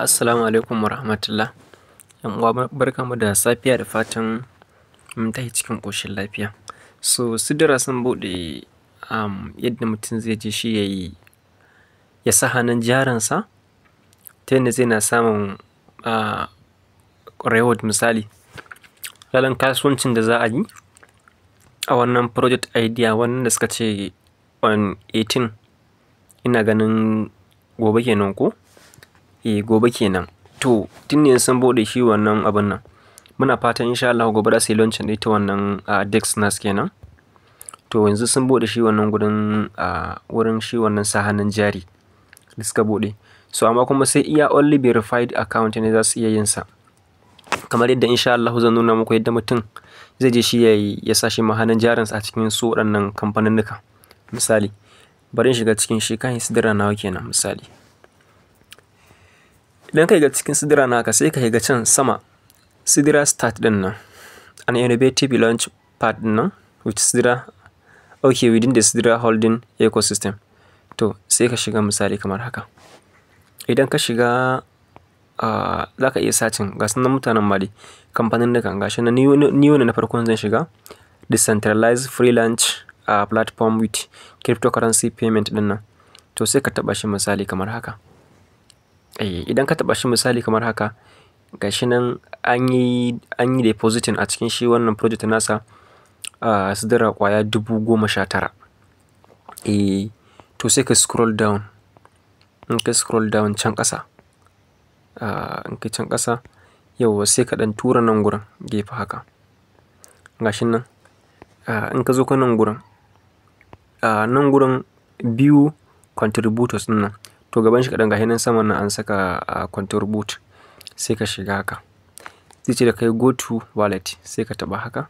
Assalamu alaikum wa rahmatullah. uwa barkamu da safiya da fatan mun cikin ƙoshin lafiya. So sidira sun buɗe um, yadda mutum zai je shi ya yi ya sa hannun jaransa ta yadda zai na samun uh, reward misali. Lalan kasuwancin da za a yi a wannan project idea wannan da suka ce on 18 ina ganin gobe kenan ko? eh gobe kenan to tun ne sun bude shi wannan abin nan muna fatan insha Allah gobe za su yi launching ta wannan a ah, Dex Nas kenan to yanzu sun bude shi wannan gurin a ah, wurin shi wannan sahanan jari da suka bude so amma kuma sai iya only verified account ne za su iya yin sa kamar yadda insha Allah zan nuna muku yadda mutum zai je shi yayi ya sa shi jarin jarinsa a cikin su waɗannan kamfanin misali bari shiga cikin shi kan hisidira nawa kenan misali idan ka ga cikin sidira naka sai ka yi ga can sama sidira start din nan an innovative launch pad din nan which sidira ok within the sidira holding ecosystem to sai ka shiga misali kamar haka idan ka shiga ah, za ka iya sacin ga sunan mutanen mali kamfanin da kan gashi na ni na farkon zan shiga decentralized free launch ah, platform with cryptocurrency payment din nan to sai ka taba shi misali kamar haka Eh, idan ka taɓa shi misali kamar haka gashi nan an yi depositing a cikin shi wannan project nasa a ah, sidira kwaya dubu goma sha tara eh, to sai ka scroll down in ka scroll down can ƙasa ah, in ka can ƙasa yauwa sai ka ɗan tura nan gurin gefe haka shi nan ah, in ka zo ka nan gurin nan gurin biyu contributors nan to gaban shi kadan gashi saman nan an saka a control boot sai ka shiga haka zai ce da kai go to wallet sai ka taɓa haka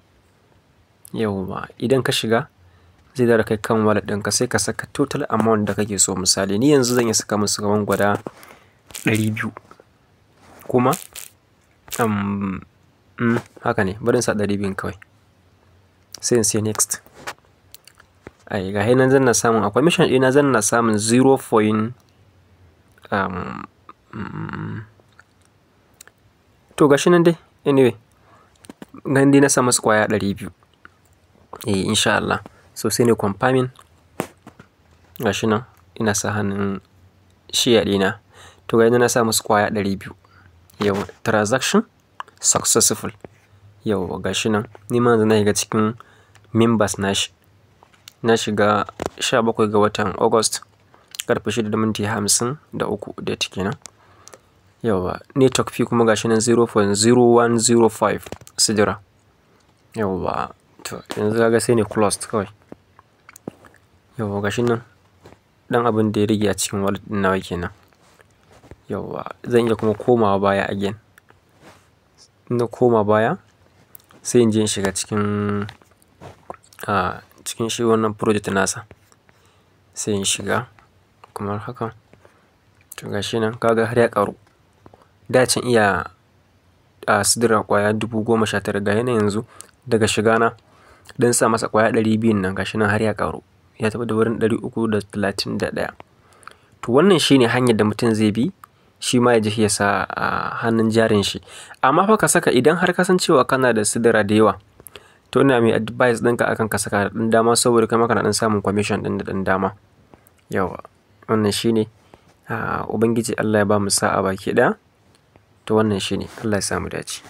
yawwa idan ka shiga zai da kai kan wallet ɗinka sai ka saka total amount da kake so misali ni yanzu zan iya saka musu kaman gwada 200 kuma um, mm, haka ne barin sa 200 kawai sai in sai next ai ga hinan zan na samun akwai mission ina zan na samun um, um, to gashi nan dai anyway gan dai na sa squire kwaya ɗari biyu eh insha Allah so sai ne confirming gashi nan ina sa hannun shiya ɗina to ga na samu squire kwaya ɗari biyu yau transaction successful yau gashi nan ni ma yanzu na shiga cikin members na shi na shiga 17 ga watan august karfe shida da minti hamsin da uku date kenan yawa network fee kuma gashi nan 0.0105 sidira yawa to yanzu kaga sai ne closed kawai yawa gashi nan dan abin da ya rage a cikin wallet din nawa kenan yawa zan iya kuma komawa baya again na koma baya sai in je in shiga cikin a ah, cikin shi wannan project nasa sai in shiga kamar haka to shi nan kaga har ya karu da can iya a sidira kwaya dubu goma sha tara ga yana yanzu daga shiga na don sa masa kwaya ɗari biyun nan shi nan har ya karu ya tafi da wurin ɗari uku da talatin da ɗaya to wannan shine hanyar da mutum zai bi shi ma ya je ya sa a hannun jarin shi amma fa ka saka idan har ka san cewa kana da sidira da yawa to ina mai advice ɗinka akan ka saka da ɗan dama saboda kai maka na ɗan samun commission ɗin da ɗan dama yawa Wannan shi ne, ah, Ubangiji Allah ya ba mu sa'a baki ɗaya, to wannan shi ne, Allah ya samu dace.